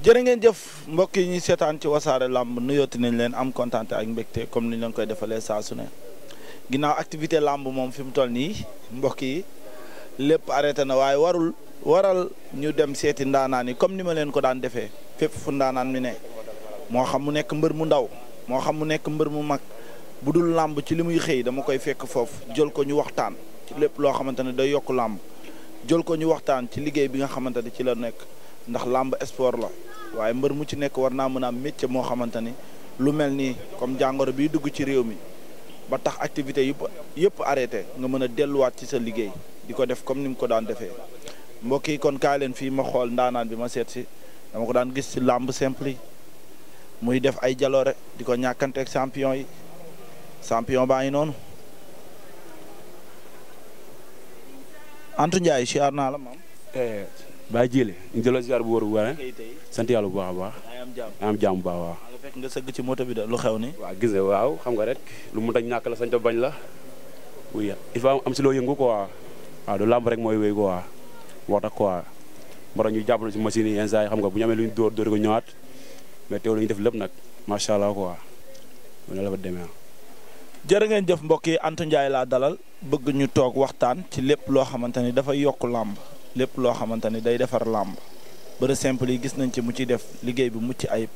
jërë ngeen jëf mbokk yi ñuy seetaan ci wasaare làmb nuyooti nañ leen am kontaan ak mbégte comme ni ñu leen koy defalee saa su ne ginnaaw activité làmb moom fi mu toll nii mbokk yi lépp arrêté na waaye warul waral ñu dem seeti ndaanaan yi comme ni ma leen ko daan defee fépp fu ndaanaan mi ne moo xam mu nekk mbër mu ndaw moo xam mu nekk mbër mu mag bu dul làmb ci li muy xëy dama koy fekk foofu jël ko ñu waxtaan ci lépp loo xamante ne day yokk làmb jël ko ñu waxtaan ci liggéey bi nga xamante ne ci la nekk ndax làmb sport la. waaye mbër mu ci nekk war naa mën a am moo xamante ni lu mel nii comme jàngoro biy dugg ci réew mi ba tax activité yëpp yëpp arrêté nga mën a delluwaat ci sa liggéey di ko def comme ni mu ko daan defee mbokk yi kon kaay leen fii ma xool ndaanaan bi ma seet si dama ko daan gis ci làmb simple yi muy def ay jaloore di ko ñàkkanteeg champion yi champion baa ngi noonu Antou Ndiaye siyaar naa la maam eh, baa jile ñu jëloon ziar bu wër bu baax sant yàlla bu baax a baax. am jàmm baax waaw. nga fekk sëgg ci moto bi da lu xew ni waaw gis nga waaw xam nga rek lu mu dañ ñàkk la sant bañ la. oui il faut am si loo yëngu quoi waaw du làmb rek mooy wéy quoi wax dëgg quoi ñu jàppale si machine yi instant xam nga bu ñu lu ñu dóor dóor ko ñëwaat mais teew lu ñu def lépp nag macha allah quoi loolu la jëf mbokk yi Anta Ndiaye laa dalal bëgg ñu toog waxtaan ci lépp loo xamante ni dafa yokk làmb lépp loo xamante ni day defar làmb bëre simple yi gis nañ ci mu ciy def liggéey bi mucc ayib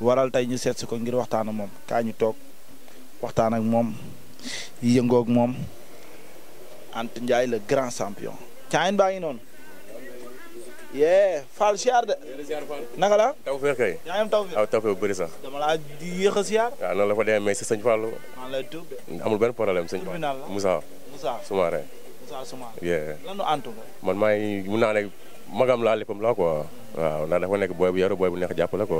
waral tey ñu seet si ko ngir waxtaan ak moom kaa ñu toog waxtaan ak moom yëngoo ak moom Anta Ndiaye le grand champion. caayin baa ngi noonu. yee Fall siyaar de. naka la. tawfeex kay. yaa ngi bari sax. dama laa siyaar. waaw noonu la fa demee si sëñ Fallou. maa lay tuub de. amul benn problème sëñ Fallou. Moussa. Moussa Soumaré. man maay mun naa ne magam laa léppam laa ko waaw ndax dafa nekk booy bu yaru bu neex jàpp ko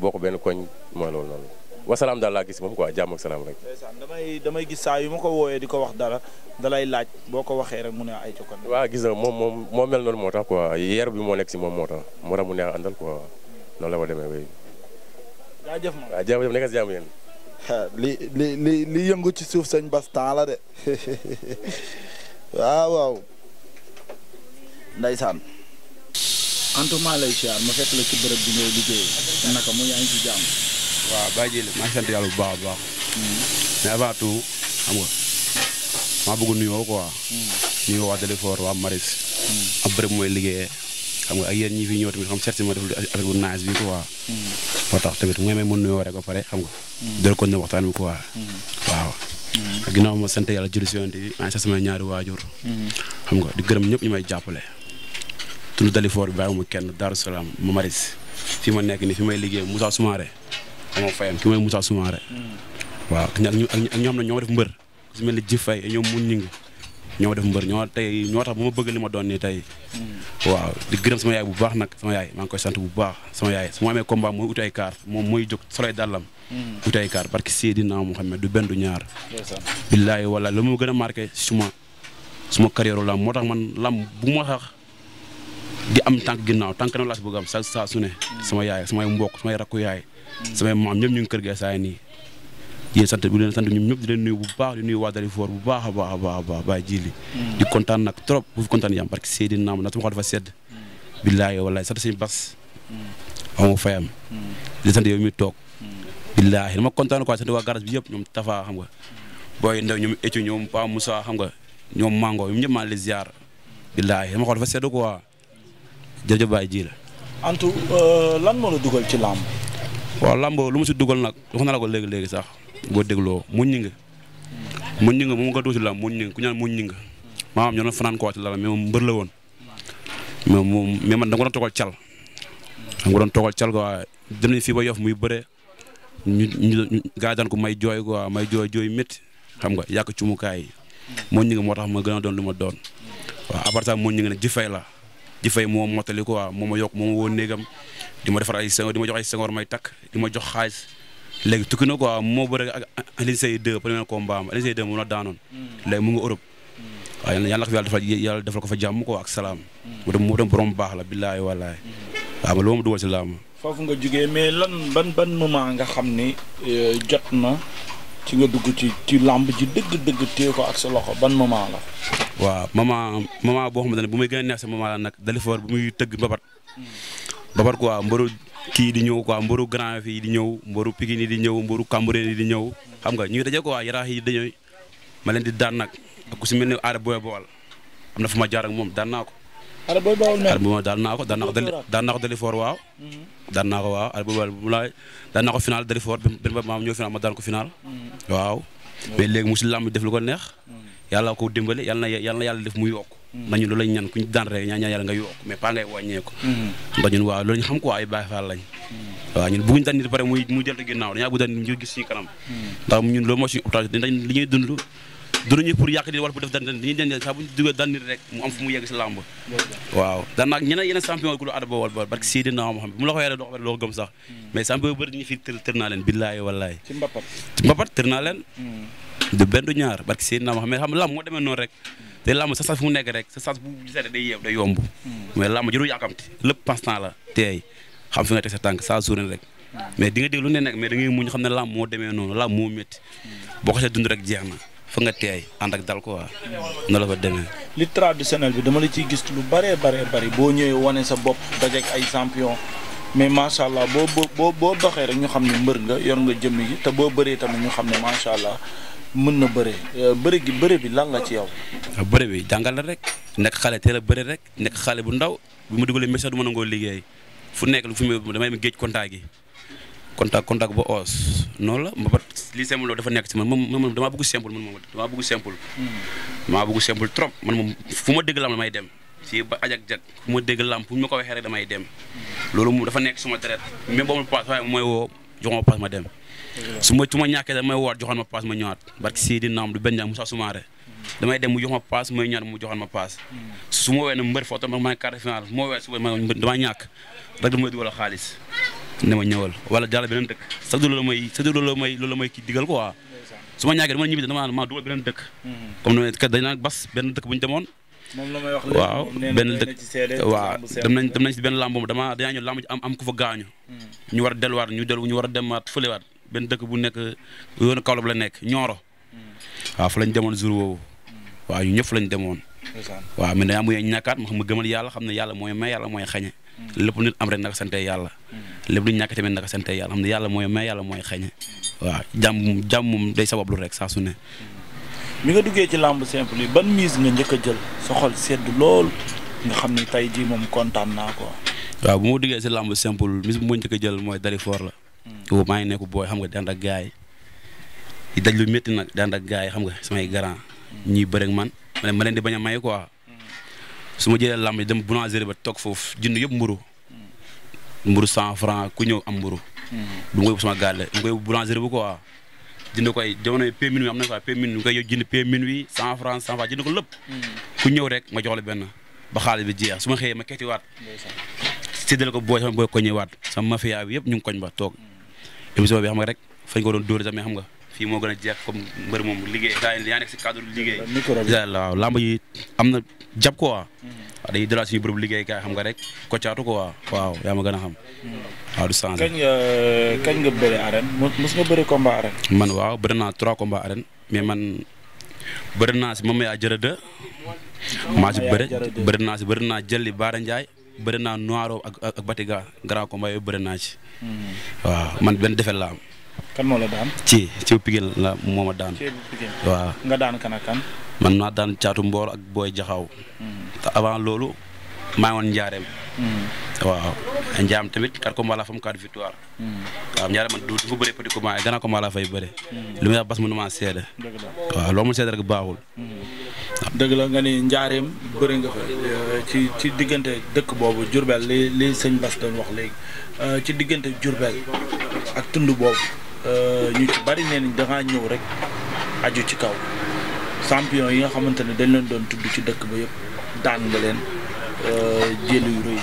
boo ko benn koñ mooy loolu noonu salaam daal laa gis moom quoi jàmm ak salaam rek. damay damay gis saa yu ma ko wooyee di ko wax dara da laaj boo ko waxee rek mu ne ay cokkan. waaw gis na moom moom moo mel noonu moo tax quoi yar bi moo nekk si moom moo tax moo tax mu neex àndal quoi noonu la ma demee wéy. jaajëf ma waaw jaajëf nekk si jàmm yéen. li li li li yëngu ci suuf sëñ Bas temps la de. waaw waaw. Ndeysaan. Antouma lay siyaar ma fekk la ci bërëb bi ngay liggéey naka mu yaa ngi ci jàmm. waaw Baye Jili maa ngi yàlla bu baax a baax. Hmm. mais avant tout xam nga maa bëgg nuyoo quoi. Hmm. nuyoo waa Dalifort waa Maris. am hmm. bërëb mooy liggéeyee. xam nga ak yéen ñi fi ñëw tamit xam seet si ma def affaire bu naaj bi quoi. moo tax tamit mu ngi may mën nuyoo rek ba pare xam nga. dal ko ne waxtaan bi quoi. waaw. Mm-hmm. ginnaaw ma sant yàlla jëli si yoon bi maa ngi samay ñaari waajur. Mm-hmm. xam nga di gërëm ñëpp ñu may jàppale. tund Dalifor bi bàyyiwuma kenn Darou Salaam ma maris fi ma nekk nii fi may liggéey Moussa Soumaré dama fayam ki may Moussa Soumaré. Mm-hmm. waaw ak ñi ak ñi ak ñoo xam ñoo def mbër su mel ni Jif Faye ñoom mun ñu ñoo def mbër ñoo tey ñoo tax bu ma bëgg li ma doon nii tey waaw di gërëm sama yaay bu baax nag sama yaay maa koy sant bu baax sama yaay su ma amee combat mooy uti ay moom mooy jóg soloy dàllam mm. uti ay parce que Seydina Mouhamed du benn du ñaar billaahi wala lu ma gën a marqué suma suma carrière lam moo tax man lam bu ma sax di am tànk ginnaaw na laa si bëgg am sa su ne mm. sama yaay samay mbokk samay rakku yaay mm. samay maam ñëpp ñu ngi kër gee saa nii di leen sant di leen sant ñoom ñëpp di leen nuyu bu baax di nuyu waa Dalifort bu baax a baax a baax baax bàyyi jiili mm. di kontaan nag trop bu fi kontaan yam parce que seedi naam na sama xol dafa sedd mm. billaay wallaay sant sëñ Bas amoo fayam mm. sant yow mi toog billaay dama kontaan quoi sant waa garage bi yëpp ñoom Tafa xam nga booy ndaw ñoom Etu ñoom Pa Moussa xam nga ñoom Mango ñoom ñëpp maa les ziar billaay dama xol dafa sedd quoi jërëjëf bàyyi jiila Antou euh, lan moo la dugal ci làmb waaw lu ma si dugal nag na ko léegi-léegi sax boo dégloo muñ ñi nga muñ ñi nga moom nga dugg la muñ ñi nga ku ñaan muñ ñi nga maanaam ñoo na fanaan ko ci la mais moom mbër la woon mais moom mais man da nga doon cal da nga doon cal ko dem nañ fii ba yof muy bëre ñu ñu gaa daan ko may jooy quoi may jooy jooy xam nga yàq cumukaay yi muñ ñi moo tax ma gën a doon lu ma doon waaw à part ça muñ ñi nga nag jifay la jifay moo motali quoi moo ma yokk moo ma woo néegam di ma defar ay sengoor di ma jox ay sengoor may takk di ma jox xaalis léegi tukki ko quoi moo bëre ak Alioune Seye 2 premier combat am Alioune moom la daanoon. Hmm. léegi mu ngi Europe. Hmm. waaye yàlla na ko yàlla defal yàlla defal ko fa jàmm quoi ak salaam. moo hmm. dem mu dem baax la billaay wallaay. waaw man lu ma dugal si làmb. foofu nga jugee mais lan ban ban moment nga xam ni euh, jot na ci nga dugg ci ci làmb ji dëgg-dëgg téye ko ak sa loxo ban moment la. waaw moment moment boo xam ne bu may gën a neex si moment la nag dalifoor bu muy tëgg mbabat. mbabat quoi mbaru. kii di ñëw quoi mbaru Grand Yoff di ñëw mbaru Pikine yi di ñëw mbaru Cambérène di ñëw xam nga ñu ngi daje quoi yaraax yi dañuy ma leen di daan nag ak ku si mel ni aada booy bool am na fu ma jaar moom daan naa ko. aada booy naa ko daan naa ko daan naa ko Dalifor waaw. Mm-hmm. daan naa ko waaw aada booy bool bu laay daan naa ko final Dalifor maam ñëw final ma daan ko final. Mm-hmm. waaw mm-hmm. mais léegi mu si làmb def lu ko neex. yàlla ko dimbale yàlla na yàlla def mu yokk ba ñun loolu lañ ñaan ku ñu daan rek ñaan ñaan yàlla nga yokk mais pas ngay wàññeeku. Mm-hmm. ba ñun waaw loolu ñu xam quoi ay Baay Faal lañ. Mm-hmm. waaw ñun bëgguñ daan nit pare muy muy dellu ginnaaw dañaa bëgg mm-hmm. ñun loolu moo suñu opportunité dañ li pour def daan daan saa ñu duggee daan nit rek mu am fu mu yegg si làmb waaw daan naag ñeneen yeneen lu aada boobal ba parce que Seydina Mohamed naa leen billaay wallaay ci mbapat du benn ñaar parce que Seydina Mohamed làmb moo demee noonu rek te làmb sa sas fu mu nekk rek sa sas bu gisee day yeew yomb hmm. mais làmb jëru yàkkamti lépp passe-temps la teey xam fi nga teg sa tànk saa journée rek hmm. mais di nga déglu ne nag mais da ngay muñ xam ne làmb demee noonu làmb moo métti hmm. boo ko see dund rek jeex na fa nga teey ànd ak dal ko waa no la fa demee li traditionel bi dama la ciy gis lu bëree baree bari boo ñëwee wane sa bopp dajeek ay champion mais macha allah boo boo boo doxee rek ñu xam ne mbër nga yor nga jëmm gi te boo bëree tamit ñu xam ne macha allah mën na bëre euh, bëre gi bëre bi lan la ci yow. Ah, bëre bi jàngal rek nekk xale teel a bëre rek nekk xale bu ndaw bi ma dugalee message du ma nangoo liggéey fu nekk lu fu mu damay mu géej contact gi contact contact ba os noonu la ba li simple loolu dafa nekk ci man man man damaa bëgg simple man moom damaa bëgg simple. Hmm. damaa bëgg simple trop man moom fu ma dégg lam damay dem. si ba jat fu dégg lam fu ñu ko waxee rek damay dem. Hmm. loolu moom dafa nekk suma deret même boobu paas waaye mooy woo jox ma paas ma dem. su ma su ma ñàkkee damay woowaat joxoon ma paas ma ñëwaat barki si di naam du benn ñaar Moussa Soumaré damay dem ma paas may ñaan mu joxoon ma paas su ma woowee ne mbër foto ma ne quart sa du loolu sa du loolu may loolu ñu demoon la may wax waaw benn dëkk waaw dem nañ hmm. ñu war delluwaat ñu dellu ñu war a demaat benn dëkk bu nekk yoonu Kaolack la nekk Nioro. Hmm. waaw fa lañ demoon jour woowu. Hmm. waaw ñëpp lañ demoon. waaw mais dañoo am yéen ñàkkaat ma xam ma gëmal yàlla xam ne yàlla mooy may yàlla mooy xañe. Hmm. lépp nit am rek naka sante yàlla. lépp lu ñu ñàkk tamit naka sante yàlla xam ne yàlla mooy may yàlla mooy xañe. waaw jàmm jàmm moom day sabablu rek saa su ne. mi nga duggee ci làmb simple yi ban mise nga njëkk a jël sa xol sedd lool nga xam ne tey jii moom kontaan naa ko. waaw bu ma duggee si làmb simple mise bu ma njëkk a jël mooy Dalifor la. boobu maa ngi nekk booy xam nga dand ak gaay yi daj lu métti nag dand ak gaay yi xam nga samay grand ñii bëre man ma leen di bañ a may quoi su ma jëlee lam yi dem boulangerie ba toog foofu jënd yëpp mburu mburu cent ku ñëw am mburu du ma koy sama gàlle mu koy bu quoi jënd ko ay jamono paie am na quoi paie minuit mu koy jënd paie ko lépp ñëw rek ma jox la benn ba xaalis bi jeex su ma xëyee ma ketiwaat ko booy sama booy sama mafia yëpp ñu ngi koñ ba toog émission bi xam nga rek fañ ko doon dóor sax xam nga fii moo gën a jeex comme mbër moom liggéey yaa nekk si cadre liggéey. waaw làmb yi am na jàpp mhm. rek ko caatu waaw yaa ma gën a xam. Mhm. waaw du changé. kañ nga kañ nga bëri nga bëri combat arène. man waaw bëri naa trois combats arène mais man bëri naa jëli Baara Ndiaye. bëri naa noiro ak Batiga grand combat yooyu bëri ci. Hmm. waaw man benn defet la am. kan moo la daan. ci ci la moo ma daan. waaw nga daan kan kan. man naa daan caatu mboor ak booy jaxaaw. Hmm. te avant loolu. maa ngi woon Njaareem. Hmm. waaw Njaam tamit quatre combats la fam quatre victoire. Hmm. waaw Njaareem man du fa bëree petit combat gannaaw combat la fay bëre. Hmm. li muy wax bas mënuma seede. dëgg la waaw loo rek baaxul. dëgg la nga ni Njaareem bëri nga fa euh, ci ci diggante dëkk boobu Diourbel li li sëñ Bas doon wax léegi euh, ci diggante Diourbel ak tund boobu euh, ñu bari nee nañ da ñëw rek aju ci kaw champion yi nga xamante ne dañ leen doon tudd ci dëkk ba yëpp daan nga leen. Euh, jël yu rëy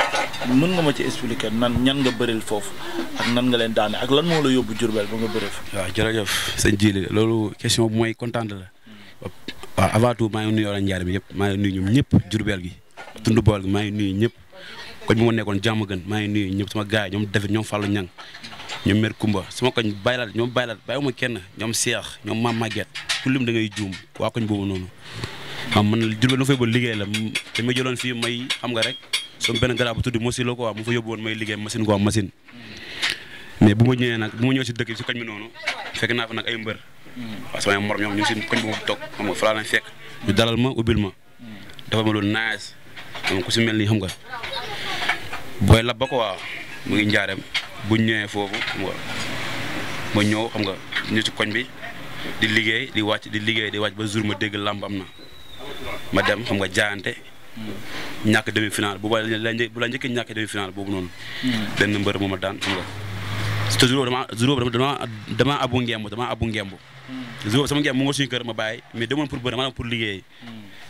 mën nga ma ci expliquer nan ñan nga bëril foofu ak nan nga leen daane ak lan moo la yóbbu Diourbel ba nga bëree fa. waaw jërëjëf sëñ Jili loolu question bu mooy kontaan la waaw avant tout maa ngi nuyu wala njaar bi yëpp maa ngi nuyu ñëpp Diourbel gi tund bool gi maa ngi nuyu ñëpp koñ bi ma nekkoon jàmm gën maa ngi nuyu ñëpp sama gaay ñoom David ñoom Fallou Niang ñoom Mère Kumba sama koñ baylaat ñoom baylaat ma kenn ñoom Seex ñoom Mame Maguette ku lim da ngay waa koñ boobu noonu xam man Diourbel lu ma fay liggéey la ma jëloon fii may xam nga rek sama benn garab bu tudd Mosilo quoi mu fa yóbbu woon may liggéey machine quoi machine mais bu ma ñëwee nag bu si dëkk bi si kañ mi noonu fekk naa fa nag ay mbër waaw samay mor ñoom ñu si kañ bu ma toog xam nga fa laa dalal ma ubbil ma dafa ma lu si mel nii xam nga booy lab ba ko waaw mu ngi njaareem buñ ñëwee foofu xam nga xam nga ñu si koñ bi di liggéey di wàcc di liggéey di wàcc ba jour ma dégg làmb na ma dem xam nga jaayante. ñàkk demi final bu ba la bu la njëkkee ñàkk demi final boobu noonu. benn mbër moo ma daan xam nga. te jour boobu damaa damaa abu ngemb damaa abu ngemb. jour boobu sama ngemb mu nga suñu kër ma baay mais demoon pour bëri maanaam pour liggéey.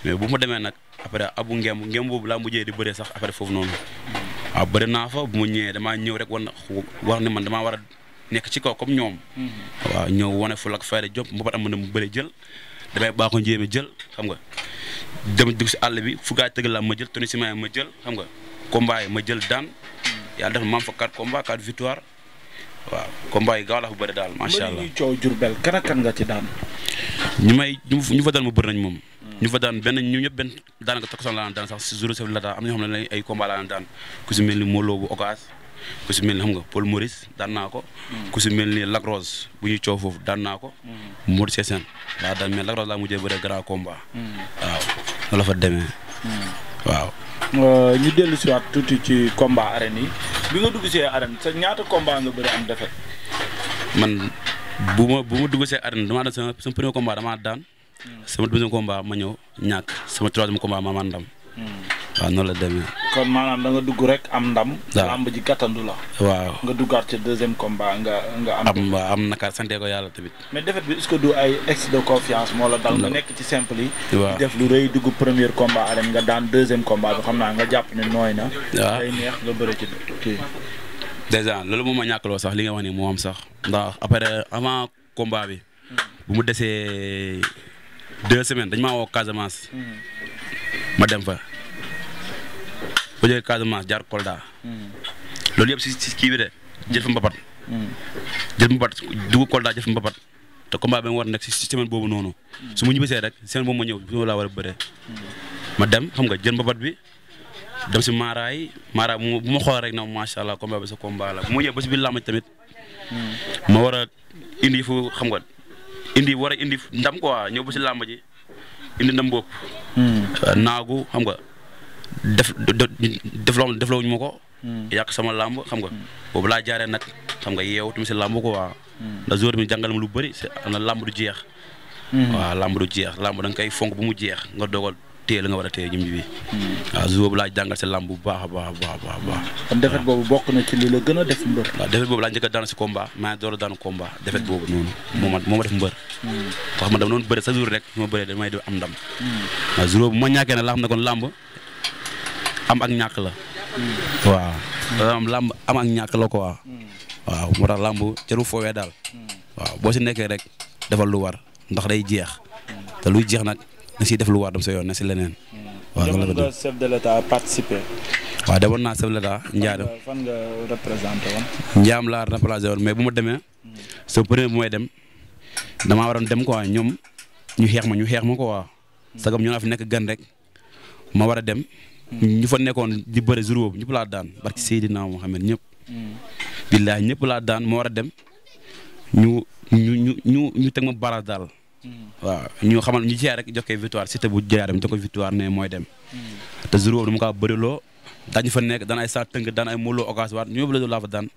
mais bu ma demee nag après abu ngemb ngemb boobu laa mujjee di bëree sax après foofu noonu. waaw bëri naa fa bu ma ñëwee damaa ñëw rek war na man damaa war nekk ci kaw comme ñoom. Mm-hmm. waaw ñëw wane ful ak fayda job mbapat am mu damay baaxoo njéeme jël xam nga dem dugg si àll bi fu gaa tëgg laa ma jël toni si ma jël xam nga combat yi ma jël daan yàlla def na maam fa quatre combat quatre victoire waaw combat yi gaaw la fa bëri daal macha allah. ñuy coow Jurbel kan ak kan nga ci daan. ñu may ñu fa daan ma bëri nañ moom. Hmm. ñu fa daan benn ñu ñëpp benn daanaka takkusaan laa daan sax si jour la daan am na ñoo xam ne ay combat laa daan ku si mel ni Molo bu Ocass ku si mel ni xam nga Paul Maurice daan naa ko. ku si mel ni Lac bu ñuy coow foofu daan naa ko. Modou Sessène laa daan mais Lac Rose laa mujjee bëre grand combat. waaw loolu la fa demee. waaw. Euh, ñu dellu si waat tuuti ci combat arène yi bi nga dugg see arène sa ñaata combat nga bëri am defet man bu ma bu ma dugg see arène damaa daan sama sama premier damaa daan. Hmm. sama deuxième combat ma ñëw ñàkk sama troisième combat ma man waaw noonu la demee. kon maanaam da nga dugg rek am ndam. waaw gàttandu la. waaw nga duggaat ci deuxième combat nga nga am. am waaw am na ka sante ko yàlla tamit. mais défaite bi est de confiance moo la dal. nga nekk ci simple yi. waaw def lu rëy dugg premier combat arène nga daan deuxième combat bi xam naa nga jàpp ne nooy na. loolu moom ma ñàkkaloo sax li nga wax ni moo am sax ndax après avant combat bi. bu mu desee deux semaines dañ maa woo Casamance. Hmm. ma dem fa. ba jógee Casamance jaar Kolda. Hmm. loolu yëpp si si kii bi de jël fa mbapat. Hmm. jël fa mbapat dugg Kolda jël fa mbapat te combat bi ma war nekk si semaine boobu noonu. Hmm. su ma ñibbisee rek semaine boobu ma ñëw war a bëree. ma dem xam nga jël bi dem si maaraay maaraay bu ma xool rek na macha allah bi la bu ñëw ba si biir tamit. ma war a indi fu xam nga indi war a indi ndam quoi ñëw ba si làmb indi ndam bopp. naagu xam nga. def def loo ñu ma ko. Hmm. yàq sama làmb xam nga. Hmm. boobu laa jaaree nag xam nga yeewu si làmb ko waa. Hmm. ndax jour bi jàngal ma lu bëri si na làmb du jeex. waaw làmb jeex làmb da nga koy fonk bu mu jeex nga dogal téye la nga war a téye jëm bi. waaw boobu laa jàngal si làmb bu baax a baax a baax a baax. boobu bokk na ci li gën a def mbër. waaw defet boobu laa si combat maa ngi daan combat defet boobu noonu. moo ma moo ma def mbër. ma dama doon bëri sa jour rek su ma bëree damay am ndam. waaw jour boobu ma ñàkkee na laa xam ne kon làmb am ak ñàkk la. waaw. maanaam am ñàkk la quoi. waaw moo tax làmb cëru foowee daal. boo si nekkee rek defal lu war ndax day jeex te luy jeex nag na si def lu war dem sa yoon na si leneen. waaw loolu la chef de l'État participer. waaw demoon naa chef de l'État Ndiadam fan nga laa représenté woon mais bu ma demee. sa premier dem damaa waroon dem quoi ñoom ñu xeex ma ñu xeex ma quoi. sagam ñoo naa fi nekk gan rek ma war dem ñu fa nekkoon di bëre jour boobu ñëpp laa daan moo Seydina Mohamed ñëpp. billaahi ñëpp laa daan ma war a dem ñu ñu ñu ñu ñu teg ma baras daal. waaw ñu xamal ñu jeex rek jox ko victoire Siteu bu jeex dem jox ko victoire mooy dem. te jour boobu dama kaa bëriloo daañu fa nekk daan ay saa tënk daan molo occasion waat ñoom la laa fa daan.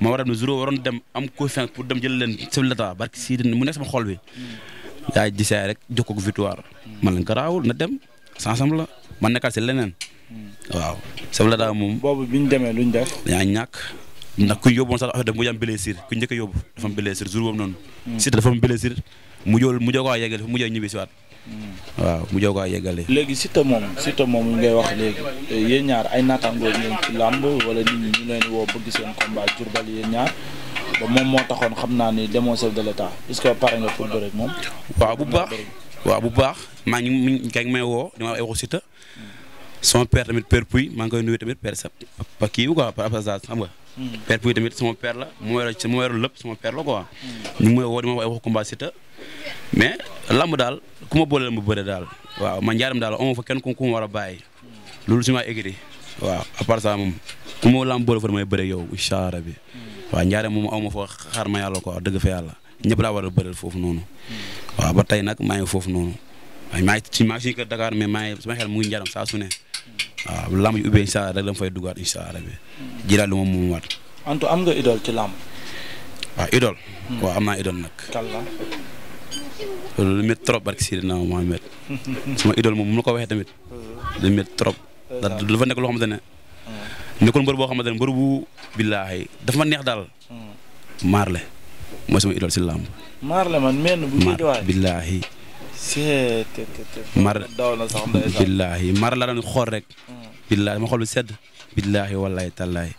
ma a dem waroon dem am confiance pour dem jël leen ci l'état barki Seydina mu nekk sama xol bi. yaay rek jox ko victoire. la garaawul na dem sans ma nekkal si leneen. Hmm. waaw la Lada moom. boobu bi ñu demee lu ñu def. yaa ñàkk ndax ku yóbbu woon sax dafa dem mu am blessure ku njëkk a yóbbu dafa am blessure jour boobu noonu. Hmm. Siteu dafa am blessure mu jóol mu jóg waa yeggale mu jóg ñibbi si waat. Hmm. waaw mu jóg moom ngay wax léegi yéen ñaar ay naataangoo ngeen ci wala ñu leen woo bëgg seen combat Diourbel yéen ñaar. ba moom moo taxoon xam naa ni demoo chef de l'état est-ce que pare nga pour bëre ak moom. waaw bu baax waaw bu baax maa ngi mi ngi may woo dama waxu Siteu sama père tamit père maa ngi koy nuyu tamit père sa kii bi quoi par absence xam nga. Hmm. père Pouy tamit sama père la mu war a mu war lépp sama père la quoi. Hmm. ñu ngi may woo ma wax ay waxu combat Siteu mais lamb daal ku ma booleel ma bëre daal waaw man njaaram daal amoo kenn ku ma war a bàyyi. Hmm. loolu su ma écrit waaw à part moom ku lam lamb boole fa damay bëre yow incha allah rabbi waaw njaaram moom a ma fa xaar ma yàlla quoi dëgg fa yàlla ñëpp laa war a bëreel foofu noonu. waaw ba tey nag maa ngi foofu noonu waaye maa ngi ci maa si kër Dakar mais maa ngi sama xel mu ngi njaaram saa su ne waaw lamb ji ubbee incha allah rek dama fay dugaat allah rabbi jiraat lu waat. Antou am nga idole ci lamb. waaw idole. Hmm. waaw am naa idole nag. kàlla. lu métti trop barki Seydina Mohamed. sama idole moom mu la ko waxee tamit. Hmm. lu métti trop. Hmm. dafa nekk loo xamante ne. nekkul mbër boo xamante ne mbër bu billaahi dafa neex daal. Marley mooy sama idole si lamb. Marley man meen bu billaahi. mar billaahi mar la doon xool rek billaahi ma xool bi sedd billaahi wallaahi tallaahi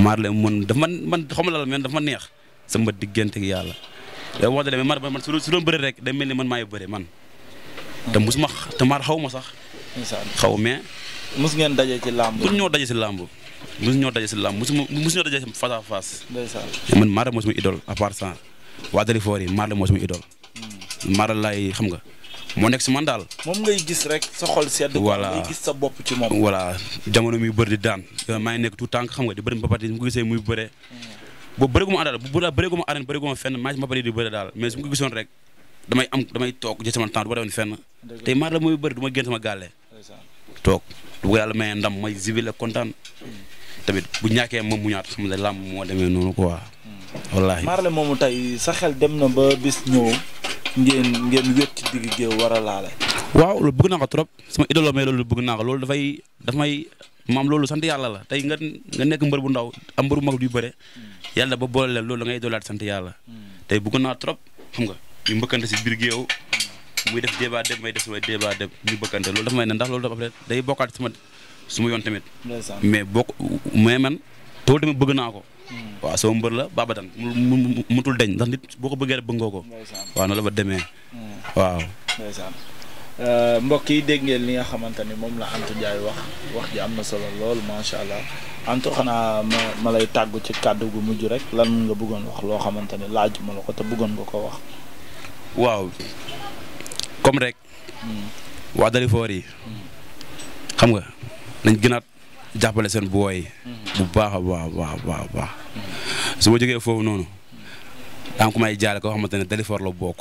mar la mën dafa man man xaw la men dafa ma neex sama diggante ak yàlla da wax dëgg mar man su doon bëri rek day mel ni man maay bëri man te mosuma te mar xaw ma sax xaw mais su ngeen daje ci làmb mus ñoo daje si làmb mus ñoo daje si làmb musuma mus ñoo daje face à face man mar la moo suma idole à part ça waa yi mar la moo suma idole mara lay xam nga moo nekk si man daal. moom ngay gis rek sa xol sedd. voilà ngay gis sa bopp ci moom. voilà jamono muy bëri di daan maa ngi nekk tout temps xam nga di bëri mbapat yi mu ko gisee muy hmm. bëree. ma àndal bu la bëree gu ma arène bëri gu di ma toog la tey ma génn sama gàlle. toog du ko yàlla maye ndam may zibil kontaan. Hmm. tamit bu ñàkkee moom mu ñaat xam nga làmb moo demee noonu quoi. Hmm. wallaahi sa xel dem na ba bis ñëw ngeen ngeen wéet ci digg géew war a laale. waaw loolu bëgg naa ko trop sama idolo may loolu bëgg naa ko loolu dafay daf may maam loolu sant yàlla la tey nga nga nekk mbër bu ndaw am mbër bu mag du yàlla ba boole loolu da ngay idolaat sant yàlla tey bëgg naa trop xam nga ñu mbëkkante si biir géew muy def débat dem may def sama débat dem ñu bëkkante loolu dafa may ne ndax loolu dafa day bokkaat sama su ma yoon tamit mais bokk mais man toolu tamit bëgg naa ko waaw sama mbër la Babadan mu mutul deñ ndax nit boo ko bëggee rek bëggoo ko. waaw na la ba demee. Hmm. waaw. Euh, mbokk yi dégg ngeen li nga xamante ni moom la Anta Ndiaye wax wax ji am na solo lool macha allah Anta xanaa ma ma lay tàggu ci kàddu gu mujj rek lan nga bëggoon wax loo xamante ni laaj ma la ko te bëggoon nga ko wax. waaw comme rek. Hmm. waa Dalifoor yi. Hmm. xam nga nañ gënaat. jàppale seen booy bu baax a baax a baax a baax su ma jógee foofu noonu daa ko may jaale koo xamante ne Dalifort la bokk.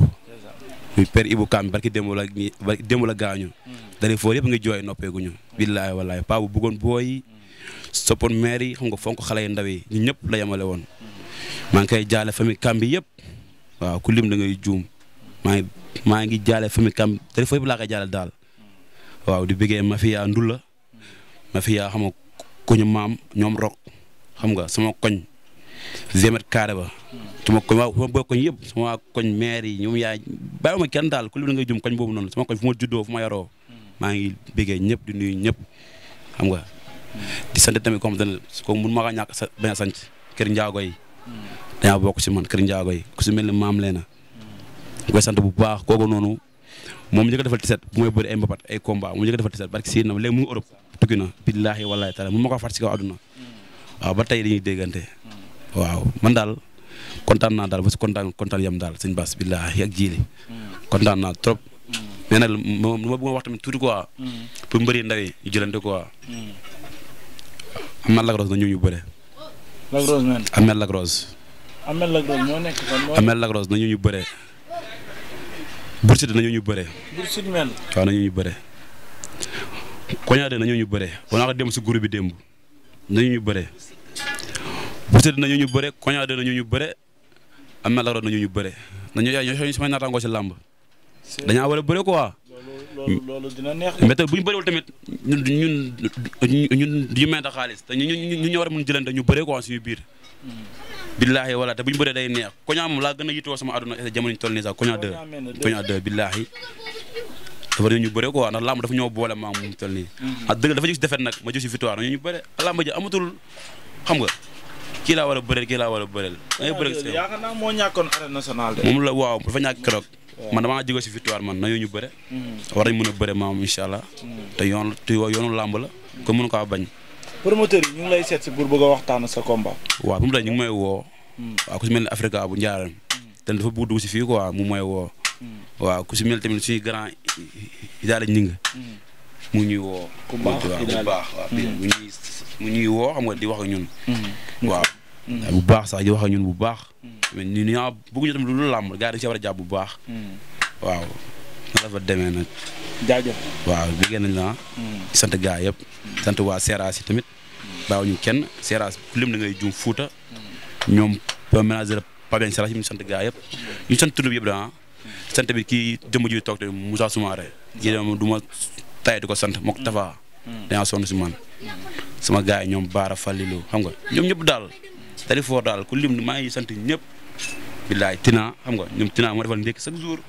muy père Ibou Kam barki démb la barki démb la gaañu. Mm. Dalifort yëpp ngi jooy noppeeguñu. billaahi wallaahi paa bu bëggoon booy mm. soppoon maire yi xam nga fonk xale yi ñu ñëpp la yemale woon. Mm. maa ngi koy jaale famille Kam bi yëpp waaw ku lim da juum maa ngi jaale famille Kam Dalifort yëpp laa koy jaale daal. waaw di bëggee mafia ndula mafia xam koñu maam ñoom rok nga sama koñ zemet carré ba sama koñ waaw sama koñ yi ñoom yaay bàyyi ma kenn daal ku li ngay jum koñ boobu ma juddoo fu ma yaroo nga di sant tamit comme dana ko mun ma ñàkk sa bañ a sant kër njaago yi dañaa bokk si man kër njaago yi ku si mel ni maam leena ñu koy bu baax kooku noonu moom njëkk defal tiset bu may bëri na léegi Europe tukki na billaahi wallaahi taala mu ma ko far si kaw àdduna waaw ba tey dañuy déggante waaw man daal kontaan naa daal ba si kontaan yam daal sëñ Bass billaahi ak jiili kontaan naa trop mais nag moom lu ma bëgg a wax tamit tuuti quoi pour mbëri ndaw yi ñu jëlante quoi na Lac bëre Lac na Lac Rose nañu ñu bëree. Boursite nañu Koña de nañu ñu bëre Koña dem si groupe bi démb nañu ñu bëre Boucher nañu ñu bëre Koña de nañu ñu bëre am na la nañu ñu bëre nañu yaay ñoo samay naataangoo si làmb dañaa war a bëre quoi. loolu loolu dina neex. mais tey bu ñu bëriwul tamit ñun ñun ñun ñu mënta xaalis te ñun ñu ñu ñu war mu mun jëlante ñu bëre quoi suñu biir. Hmm. billaahi wala te bu ñu bëree day neex Koña moom laa gën a yittewoo sama àdduna jamono ñu toll nii sax Koña 2. billaahi dafa ñu bëre quoi ndax làmb dafa ñoo boole maam mu toll nii. Mm-hmm. ak dëgg dafa defet nag ma gis ñu bëre làmb ji amatul xam nga kii laa war a bëreel kii laa war a bëreel. da ngay bëreel yaakaar la waaw dafa ñàkk keroog. man si victoire man na ñu bëre. Mm-hmm. war nañ mën a bëre allah. Mm-hmm. te yoon te yoonu làmb la. ko mënu kaa bañ. promoteur yi ñu ngi lay seet si pour bëgg sa combat. waaw bu mu ma ñu ngi may woo. Mm. waaw ku si mel ni Africa bu njaaram. Mm. te dafa bëgg dugg si fii quoi mu may woo waaw ku si mel tamit suñu grand Idaara Gningue. mu ñuy woo. ku baax bu baax mu ñuy woo xam nga di wax ñun. Mm-hmm. waaw. Mm-hmm. bu baax sax di wax ak ñun bu baax. mais mm-hmm. ñu ñaa bëgguñu tamit lu làmb gars yi si war a jàpp bu baax. waaw na la demee nag. jaajëf waaw liggéey nañ la sant gars yëpp. sant waa Seras yi tamit. bàyyiwuñu kenn Seras ku lim da ngay juum Fuuta. ñoom ba ménager Pape Seras yi ñu sant gars yëpp. ñu sant tund yëpp de ah. sant bi kii jëmm ji toog te Moussa Soumaré kii dama du ma tay di ko sant mook Tafa hmm. dañaa sonn si man sama gars yi ñoom Baara Fallilu xam nga ñoom ñëpp daal tali foor daal ku lim maa ngi sant ñëpp billaay Tina xam nga ñoom Tina moo defal ndékki chaque jour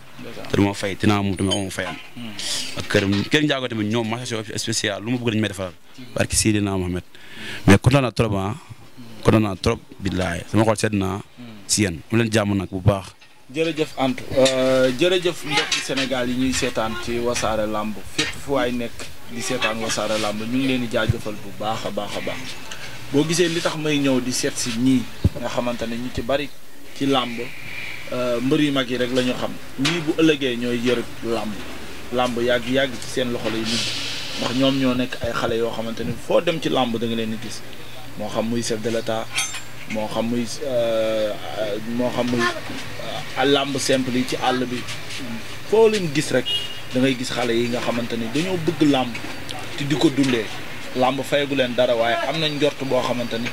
te du fay Tina moom tamit amoo fayam hmm. ak kër kër Njaago tamit ñoom massation spéciale lu ma bëgg dañu may defal barki Seydina Mohamed mais kontaan naa trop ah hmm. naa trop billaay sama xol sedd naa si yéen mu jàmm nag bu baax jërëjëf Antou euh, jërëjëf mbokki Sénégal yi ñuy seetaan ci wasaare làmb fépp fu waay nekk di seetaan wasaare làmb ñu ngi leen di jaajëfal bu baax a baax a baax boo gisee li tax may ñëw di seet si ñii nga xamante ne ñu ci bari ci làmb euh, mbër yu mag yi rek lañu xam ñii bu ëllëgee ñooy yër làmb làmb yàgg yàgg ci seen loxo lay mujj ndax ñoom ñoo nekk ay xale yoo xamante ne foo dem ci làmb da nga leen di gis moo xam muy chef de moo xam muy euh, moo xam muy euh, làmb simple yi ci àll bi foo leen gis rek dangay gis xale yi nga xamante ni dañoo bëgg làmb te di ko dundee làmb fayagu leen dara waaye am nañ njort boo xamante ni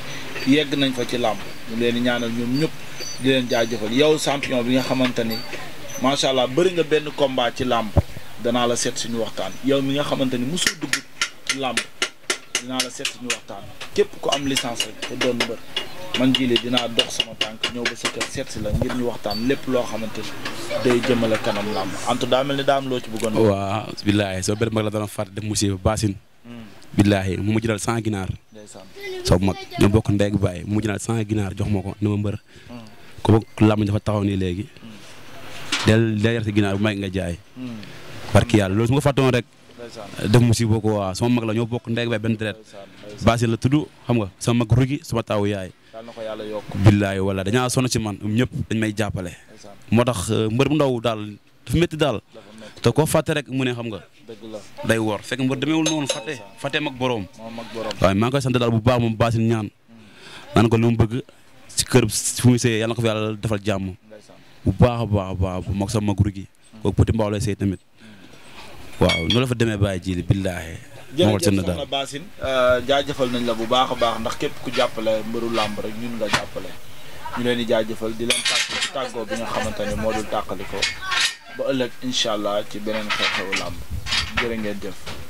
yegg nañ fa ci làmb ñu leen di ñaanal ñoom ñëpp di leen jaajëfal yow champion bi nga xamante ni macha allah bëri nga benn combat ci làmb danaa la seet suñu waxtaan yow mi nga xamante ni mosoo dugg ci làmb dinaa la seet suñu waxtaan képp ku am licence rek doon mbër man jii dinaa dox sama tànk ñoo ba sa kër seet si la ngir ñu waxtaan lépp loo xamante day jëmale kanam làmb en tout daa mel ni daa am loo ci bëggoon. waaw billaahi soo benn mag la dana fàtte def musiba baasin. Hmm. billaahi mu mujj daal cent ginaar. soo mag ñoo bokk ndey baay mu mujj daal ginaar jox ma ko ni ma mbër. Hmm. ku bëgg dafa taxaw nii léegi. Hmm. del del yar si ginaar bu may nga jaay. parce que yàlla loolu su ma fàttewoon rek. def musiba ko waa sama mag la ñoo bokk ndey ak baay benn deret baasin la tudd xam nga sama mag rugi sama taawu yaay daal na ko yàlla yokk. billaay wala dañaa sonn ci man ñëpp dañ may jàppale. moo tax euh, mbër bu ndaw daal dafa métti daal. te koo fàtte rek mu ne xam nga. dëgg la day wor fekk mbër demeewul noonu fàtte fàtte mag boroom. waaye maa ngi koy sant daal bu baax moom baasin ñaan. naan ko lu mu bëgg ci kër fu muy see yàlla na ko fi yàlla defal jàmm. bu baax a baax a baax moog sama mag rugi. Mm. kooku petit mbaaw lay sey tamit. Mm. waaw noonu la fa demee bàyyi ji billaahi jërëjëf soxna Basine euh, jaajëfal nañ la bu baax a baax ndax képp ku jàppale mbëru làmb rek ñun nga jàppale ñu leen di jaajëfal di leen tàgg ci tàggoo bi nga xamante ne moo dul tàqali ko ba ëllëg incha allah ci beneen xew-xewu làmb ngeen jëf